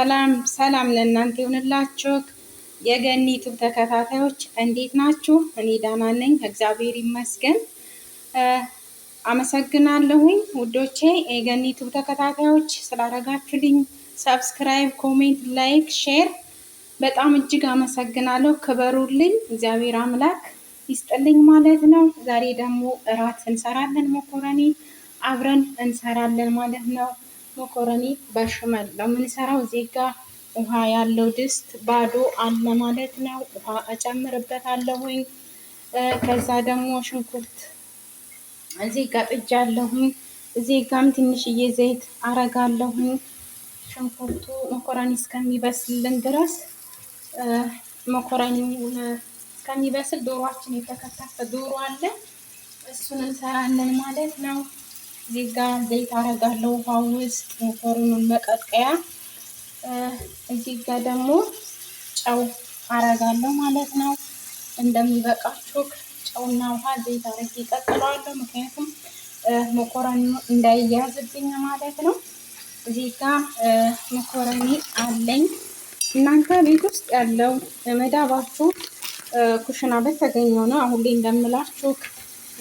ሰላም ሰላም ለእናንተ ይሁንላችሁ። የገኒ ዩቱብ ተከታታዮች እንዴት ናችሁ? እኔ ዳና ነኝ፣ እግዚአብሔር ይመስገን። አመሰግናለሁኝ ውዶቼ፣ የገኒ ዩቱብ ተከታታዮች ስላደረጋችሁልኝ ሰብስክራይብ፣ ኮሜንት፣ ላይክ፣ ሼር በጣም እጅግ አመሰግናለሁ። ክበሩልኝ፣ እግዚአብሔር አምላክ ይስጥልኝ ማለት ነው። ዛሬ ደግሞ እራት እንሰራለን፣ መኮረኒ አብረን እንሰራለን ማለት ነው። መኮረኒ በሽመል ነው የምንሰራው። ውሃ ያለው ድስት ባዶ አለ ማለት ነው። ውሃ እጨምርበታለሁኝ። ከዛ ደግሞ ሽንኩርት እዚህ ጋ ጥጃለሁኝ። እዚህ ጋም ትንሽዬ ዘይት አረጋለሁኝ። ሽንኩርቱ መኮረኒ እስከሚበስልን ድረስ መኮረኒ እስከሚበስል ዶሯችን የተከተፈ ዶሮ አለ እሱን እንሰራለን ማለት ነው። እዚህ ጋር ዘይት አረጋለሁ ውሃ ውስጥ መኮረኑን መቀጥቀያ። እዚህ ጋ ደግሞ ጨው አረጋለሁ ማለት ነው። እንደሚበቃችሁ ጨውና ውሃ ዘይት አረግ ይቀቅለዋለሁ። ምክንያቱም መኮረኑ እንዳይያዝብኝ ማለት ነው። እዚህ ጋር መኮረኒ አለኝ። እናንተ ቤት ውስጥ ያለው መዳባችሁ ኩሽና በተገኘው ነው። አሁን ላይ እንደምላችሁ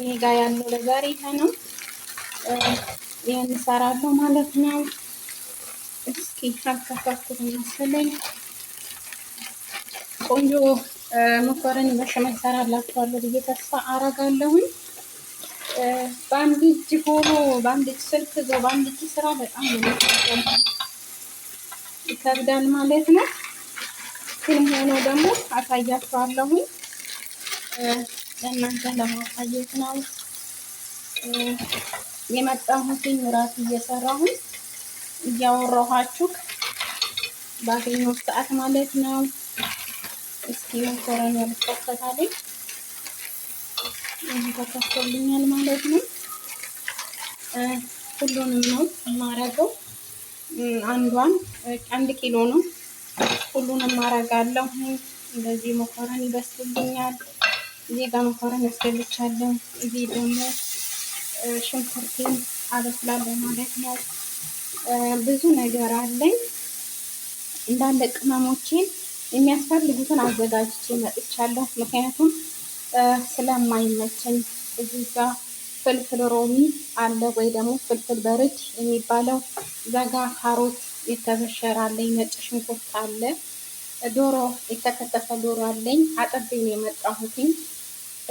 እኔ ጋ ያለው ለዛሬ ይሄ ነው። እንሰራለሁ ማለት ነው። እስኪ አልከፋኩት መሰለኝ። ቆንጆ መኮረኒ በሸመን እሰራላችኋለሁ ብዬ ተስፋ አረጋለሁኝ። በአንድ እጅ ሆኖ በአንድ እጅ ስልክ ዞ በአንድ እጅ ስራ በጣም ይከብዳል ማለት ነው። ግን ሆኖ ደግሞ አሳያችኋለሁኝ ለእናንተ ለማሳየት ነው። የመጣሁትኝ ራሱ እየሰራሁኝ እያወራኋችሁ ባገኘው ሰዓት ማለት ነው። እስኪ መኮረኒ ያልተከታተለኝ ተከፍቶልኛል ማለት ነው። ሁሉንም ነው የማረገው። አንዷን አንድ ኪሎ ነው። ሁሉንም ማረጋለሁ። እንደዚህ መኮረኒ ይበስልኛል። እዚህ ጋር መኮረኒ ያስገልቻለሁ። እዚህ ደግሞ ሽንኩርቴን አበስላለሁ ማለት ነው። ብዙ ነገር አለኝ። እንዳለ ቅመሞቼን የሚያስፈልጉትን አዘጋጅቼ መጥቻለሁ። ምክንያቱም ስለማይመቸኝ እዚህ ጋ ፍልፍል ሮሚ አለ ወይ ደግሞ ፍልፍል በርድ የሚባለው እዛ ካሮት የተበሸረ አለኝ፣ ነጭ ሽንኩርት አለ፣ ዶሮ የተከተፈ ዶሮ አለኝ። አጥቤ ነው የመጣሁትኝ።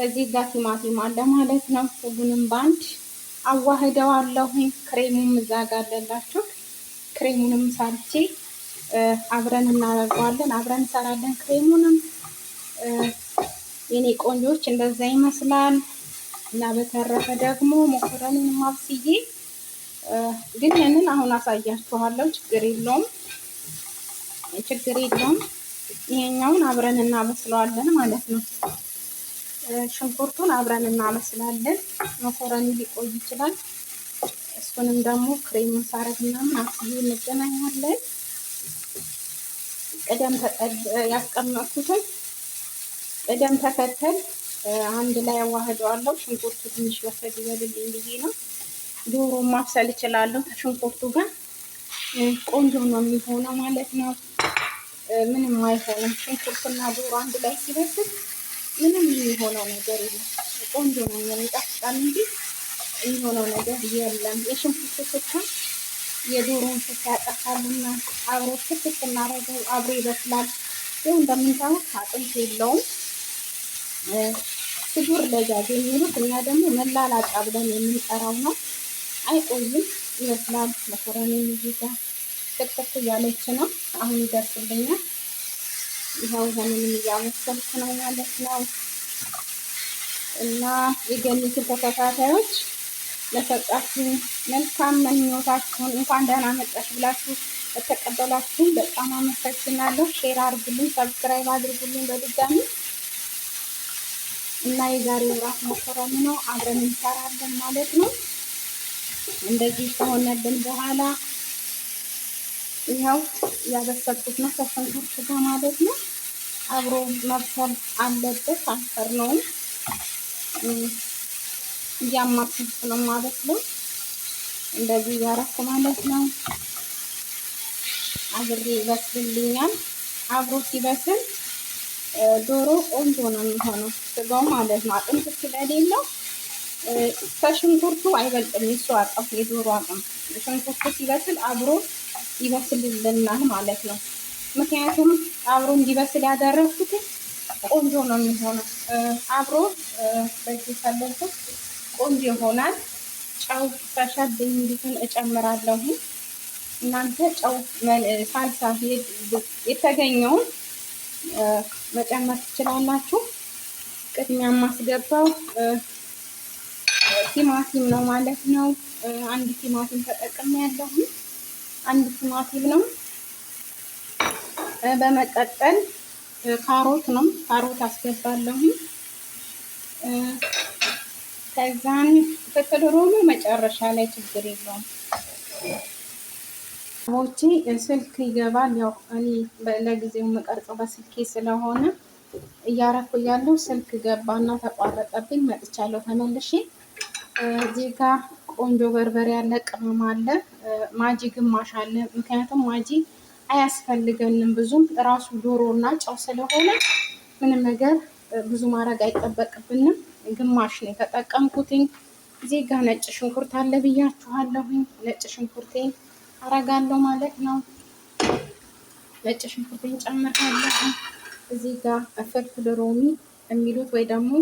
እዚህ ጋር ቲማቲም አለ ማለት ነው። ሁሉንም በአንድ አዋህደዋለሁ። ክሬሙም እዛ ጋር አለላችሁ። ክሬሙንም ሳልቼ አብረን እናደርገዋለን፣ አብረን እንሰራለን። ክሬሙንም የኔ ቆንጆች እንደዛ ይመስላል እና በተረፈ ደግሞ ሞኮረኒን ማብስዬ ግን ያንን አሁን አሳያችኋለሁ። ችግር የለውም፣ ችግር የለውም። ይሄኛውን አብረን እናበስለዋለን ማለት ነው። ሽንኩርቱን አብረን እናመስላለን። መኮረኒ ሊቆይ ይችላል። እሱንም ደግሞ ክሬሙን ሳረግ ምናምን አስዬ እንገናኛለን። ቅደም ያስቀመጥኩትን ቅደም ተከተል አንድ ላይ አዋህደዋለሁ። ሽንኩርቱ ትንሽ ወሰድ ይበልልኝ ብዬ ነው። ዶሮ ማብሰል እችላለሁ ከሽንኩርቱ ጋር ቆንጆ ነው የሚሆነው ማለት ነው። ምንም አይሆንም። ሽንኩርትና ዶሮ አንድ ላይ ሲበስል ምንም የሆነው ነገር የለም። ቆንጆ ነው የሚጣፍጣል እንጂ የሆነው ነገር የለም። የሽንኩርት ሽታ የዶሮን ሽታ ያጠፋልና አብሮ ፍትት እናደርገው አብሮ ይበስላል። ይኸው እንደምንታወቅ አጥንት የለውም። ስጉር ለጋዝ የሚሉት እኛ ደግሞ መላላጫ ብለን የምንጠራው ነው። አይቆይም፣ ይበስላል። መኮረኒ ሚዜጋ ጥቅጥቅ እያለች ነው አሁን ይደርስልኛል። ይኸው ይሄንን እያመሰልኩ ነው ማለት ነው። እና የገኒትን ተከታታዮች ለሰጣችሁ መልካም መኞታችሁን እንኳን ደህና መጣችሁ ብላችሁ ለተቀበላችሁን በጣም አመሰግናለሁ። ሼር አድርጉልኝ፣ ሰብስክራይብ አድርጉልኝ በድጋሚ እና የዛሬው እራት መኮረኒ ነው አብረን እንሰራለን ማለት ነው። እንደዚህ ከሆነልን በኋላ ይኸው ያበሰልኩት ነው ከሽንኩርት ጋር ማለት ነው። አብሮ መብሰል አለበት። አፈር ነው። እያማሰልኩ ነው ማለት ነው። እንደዚህ እያረኩ ማለት ነው። አብሬ ይበስልልኛል። አብሮ ሲበስል ዶሮ ቆንጆ ነው የሚሆነው ስጋው ማለት ነው። አጥንት ስለሌለው ከሽንኩርቱ አይበልጥም። የሱ አቅም የዶሮ አቅም ሽንኩርቱ ሲበስል አብሮ ይበስልልናል ማለት ነው። ምክንያቱም አብሮ እንዲበስል ያደረግኩት ቆንጆ ነው የሚሆነው። አብሮ በዚህ ፈለኩት ቆንጆ ይሆናል። ጨው ሳሻብኝ እንዲሁን እጨምራለሁ። እናንተ ጨው ሳልሳ የተገኘውን መጨመር ትችላላችሁ። ቅድሚያ የማስገባው ቲማቲም ነው ማለት ነው። አንድ ቲማቲም ተጠቅሜ ያለሁኝ አንድ ቲማቲም ነው። በመቀጠል ካሮት ነው። ካሮት አስገባለሁ። ከዛን ቅቅል ሮሞ መጨረሻ ላይ ችግር የለውም። ቦቼ ስልክ ይገባል። ያው እኔ ለጊዜው የምቀርጸው በስልኬ ስለሆነ እያረኩ ያለው ስልክ ገባና ተቋረጠብኝ። መጥቻለሁ ተመልሼ እዚህ ጋር ቆንጆ በርበሬ አለ፣ ቅመም አለ፣ ማጂ ግማሽ አለ። ምክንያቱም ማጂ አያስፈልገንም ብዙም ራሱ ዶሮ እና ጨው ስለሆነ ምንም ነገር ብዙ ማድረግ አይጠበቅብንም። ግማሽ ነው የተጠቀምኩትኝ። እዚህ ጋር ነጭ ሽንኩርት አለ ብያችኋለሁኝ። ነጭ ሽንኩርቴን አረጋለሁ ማለት ነው። ነጭ ሽንኩርቴን ጨምራለሁ። እዚህ ጋር ፍልፍል ሮሚ የሚሉት ወይ ደግሞ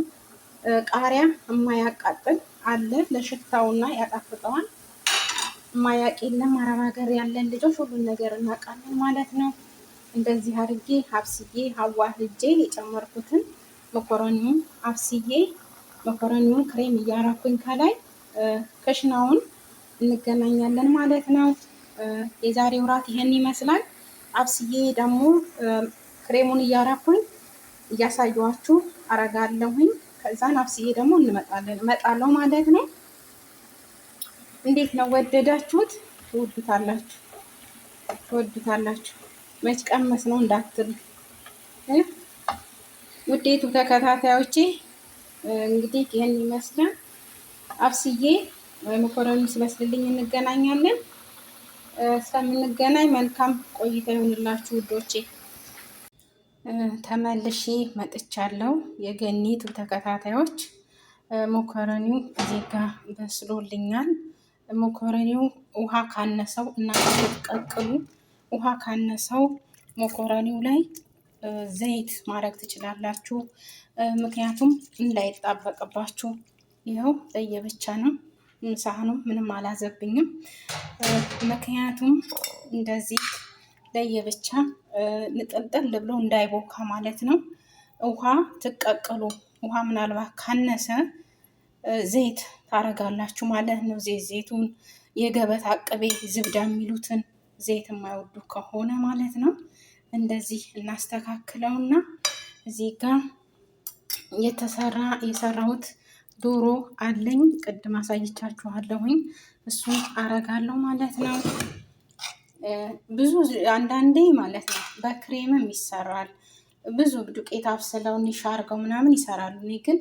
ቃሪያ የማያቃጥል አለ ለሽታውና ያጣፍጠዋል። ማያቅ የለም። አረብ ሀገር ያለን ልጆች ሁሉን ነገር እናውቃለን ማለት ነው። እንደዚህ አድርጌ ሀብስዬ አዋህጄ የጨመርኩትን መኮረኒውን አብስዬ መኮረኒውን ክሬም እያራኩኝ ከላይ ክሽናውን እንገናኛለን ማለት ነው። የዛሬ ውራት ይሄን ይመስላል። አብስዬ ደግሞ ክሬሙን እያራኩኝ እያሳየኋችሁ አረጋለሁኝ። ከዛን አብስዬ ደግሞ እንመጣለን እመጣለሁ ማለት ነው። እንዴት ነው ወደዳችሁት? ትወዱታላችሁ ትወዱታላችሁ። መች ቀመስ ነው እንዳትሉ ውዴቱ ተከታታዮቼ እንግዲህ ይህን ይመስላል። አብስዬ መኮረኒ ሲመስልልኝ እንገናኛለን። እስከምንገናኝ መልካም ቆይታ ይሁንላችሁ ውዶቼ። ተመልሼ መጥቻለሁ። የገኒቱ ተከታታዮች ሞኮረኒው እዚህ ጋ በስሎልኛል። ሞኮረኒው ውሃ ካነሰው እና ቀቅሉ። ውሃ ካነሰው ሞኮረኒው ላይ ዘይት ማድረግ ትችላላችሁ። ምክንያቱም እንዳይጣበቅባችሁ። ይኸው ለየብቻ ነው ሳህኑ ምንም አላዘብኝም። ምክንያቱም እንደዚህ ለየብቻ ንጥልጥል ብሎ እንዳይቦካ ማለት ነው። ውሃ ትቀቅሉ። ውሃ ምናልባት ካነሰ ዘይት ታረጋላችሁ ማለት ነው። ዘይት ዘይቱን፣ የገበታ ቅቤ፣ ዝብዳ የሚሉትን ዘይት የማይወዱ ከሆነ ማለት ነው። እንደዚህ እናስተካክለውና እዚህ ጋር የተሰራ የሰራሁት ዶሮ አለኝ። ቅድም አሳይቻችኋለሁኝ። እሱን አረጋለሁ ማለት ነው። ብዙ አንዳንዴ ማለት ነው በክሬምም ይሰራል። ብዙ ዱቄት አብስለው ኒሻ አርገው ምናምን ይሰራሉ። እኔ ግን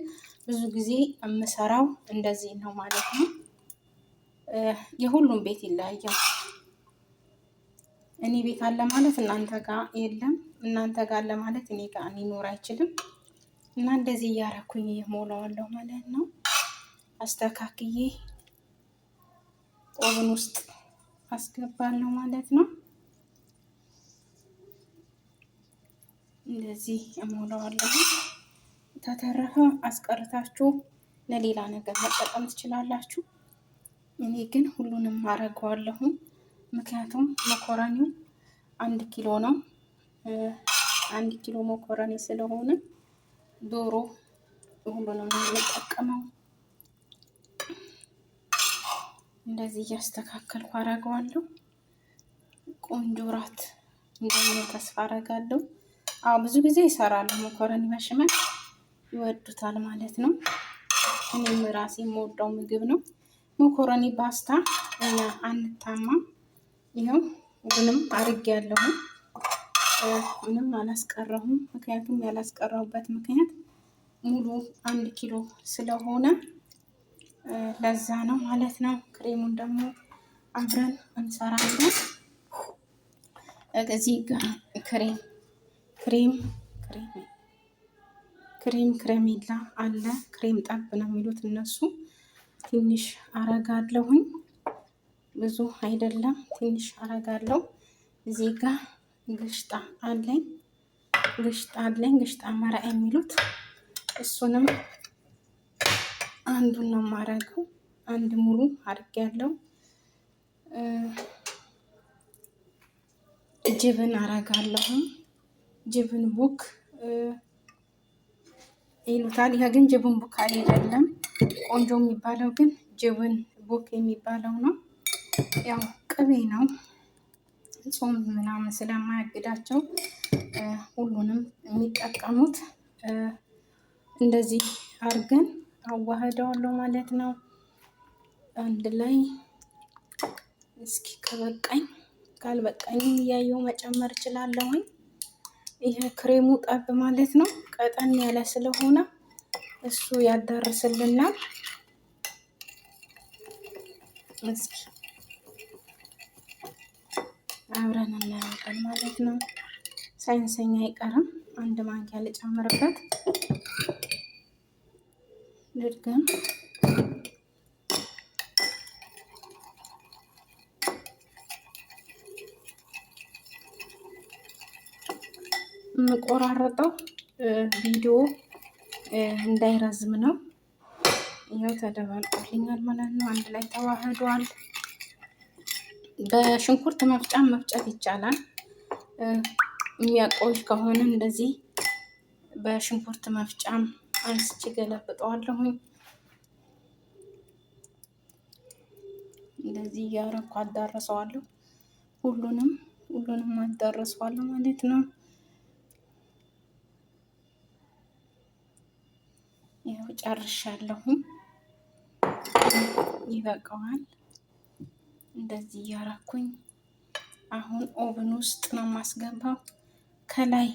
ብዙ ጊዜ የምሰራው እንደዚህ ነው ማለት ነው። የሁሉም ቤት ይለያያል። እኔ ቤት አለ ማለት እናንተ ጋር የለም፣ እናንተ ጋር አለ ማለት እኔ ጋር ሊኖር አይችልም። እና እንደዚህ እያረኩኝ እሞላዋለሁ ማለት ነው አስተካክዬ ኦቨን ውስጥ አስገባለሁ ማለት ነው። እንደዚህ እሞላዋለሁ። ተተረፈ አስቀርታችሁ ለሌላ ነገር መጠቀም ትችላላችሁ። እኔ ግን ሁሉንም አረገዋለሁ፣ ምክንያቱም መኮረኒው አንድ ኪሎ ነው። አንድ ኪሎ መኮረኒ ስለሆነ ዶሮ ሁሉንም ነው የምጠቀመው። እንደዚህ እያስተካከልኩ አረገዋለሁ። ቆንጆ ራት እንደሚሆን ተስፋ አረጋለሁ። አዎ ብዙ ጊዜ ይሰራሉ። መኮረኒ በሽመል ይወዱታል ማለት ነው። እኔም ራሴ የምወደው ምግብ ነው። መኮረኒ ፓስታ አንታማ ይኸው ምንም አርግ ያለሁ ምንም አላስቀረሁም። ምክንያቱም ያላስቀረሁበት ምክንያት ሙሉ አንድ ኪሎ ስለሆነ ለዛ ነው ማለት ነው። ክሬሙን ደግሞ አብረን እንሰራለን። እዚህ ክሬም ክሬም ክሬም ክሬም ክሬሚላ አለ። ክሬም ጠብ ነው የሚሉት እነሱ። ትንሽ አረጋለሁኝ፣ ብዙ አይደለም፣ ትንሽ አረጋለሁ። እዚህ ጋ ግሽጣ አለኝ፣ ግሽጣ አለኝ፣ ግሽጣ አማራ የሚሉት እሱንም አንዱን ነው የማደርገው። አንድ ሙሉ ያለው ጅብን አረጋለሁ። ጅብን ቡክ ይሉታል። ይሄ ግን ጅብን ቡክ አይደለም። ቆንጆ የሚባለው ግን ጅብን ቡክ የሚባለው ነው። ያው ቅቤ ነው። ጾም ምናምን ስለማያግዳቸው ሁሉንም የሚጠቀሙት እንደዚህ አድርገን አዋህደዋለሁ ማለት ነው። አንድ ላይ እስኪ ከበቃኝ ካልበቃኝ እያየው መጨመር እችላለሁኝ። ይሄ ክሬሙ ጠብ ማለት ነው። ቀጠን ያለ ስለሆነ እሱ ያዳርስልናል። እስኪ አብረን እናያለን ማለት ነው። ሳይንሰኛ አይቀርም። አንድ ማንኪያ ልጨምርበት። ድርገን የምቆራረጠው ቪዲዮ እንዳይረዝም ነው። ያው ተደባልቆልኛል ማለት ነው። አንድ ላይ ተዋህዷል። በሽንኩርት መፍጫ መፍጨት ይቻላል። የሚያቆይ ከሆነ እንደዚህ በሽንኩርት መፍጫም አንስቼ ገለብጠዋለሁኝ። እንደዚህ እያረኩ አዳረሰዋለሁ። ሁሉንም ሁሉንም አዳረሰዋለሁ ማለት ነው። ያው ጨርሻለሁኝ። ይበቃዋል። እንደዚህ እያረኩኝ አሁን ኦብን ውስጥ ነው የማስገባው ከላይ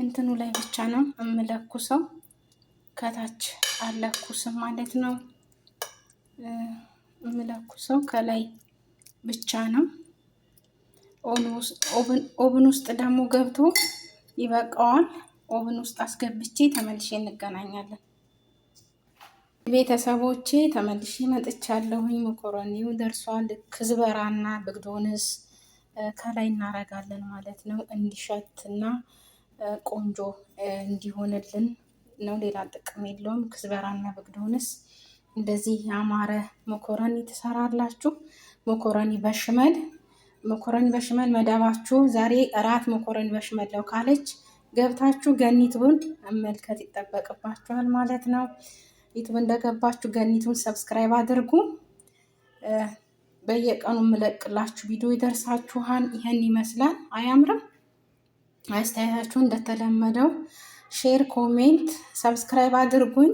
እንትኑ ላይ ብቻ ነው የምለኩሰው። ከታች አለኩስም ማለት ነው የምለኩሰው፣ ከላይ ብቻ ነው። ኦብን ውስጥ ደግሞ ገብቶ ይበቃዋል። ኦብን ውስጥ አስገብቼ ተመልሼ እንገናኛለን። ቤተሰቦቼ ተመልሼ መጥቻለሁኝ። መኮረኒው ደርሷል። ክዝበራና ብግዶንስ ከላይ እናረጋለን ማለት ነው እንዲሸትና ቆንጆ እንዲሆንልን ነው። ሌላ ጥቅም የለውም። ክዝበራና በግዶንስ እንደዚህ ያማረ መኮረኒ ትሰራላችሁ። መኮረኒ በሽመል መኮረኒ በሽመል መደባችሁ ዛሬ እራት መኮረኒ በሽመል ነው ካለች ገብታችሁ ገኒቱን መመልከት ይጠበቅባችኋል ማለት ነው። ዩቱብ እንደገባችሁ ገኒቱን ሰብስክራይብ አድርጉ። በየቀኑ የምለቅላችሁ ቪዲዮ ይደርሳችኋል። ይህን ይመስላል። አያምርም? አስተያየታችሁ እንደተለመደው ሼር፣ ኮሜንት፣ ሰብስክራይብ አድርጉኝ።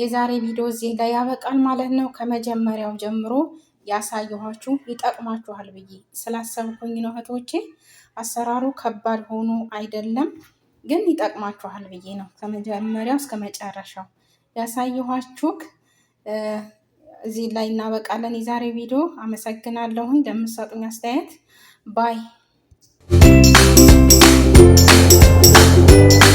የዛሬ ቪዲዮ እዚህ ላይ ያበቃል ማለት ነው። ከመጀመሪያው ጀምሮ ያሳየኋችሁ ይጠቅማችኋል ብዬ ስላሰብኩኝ ነው እህቶቼ። አሰራሩ ከባድ ሆኖ አይደለም፣ ግን ይጠቅማችኋል ብዬ ነው ከመጀመሪያው እስከ መጨረሻው ያሳየኋችሁ። እዚህ ላይ እናበቃለን የዛሬ ቪዲዮ። አመሰግናለሁን ለምትሰጡኝ አስተያየት ባይ Música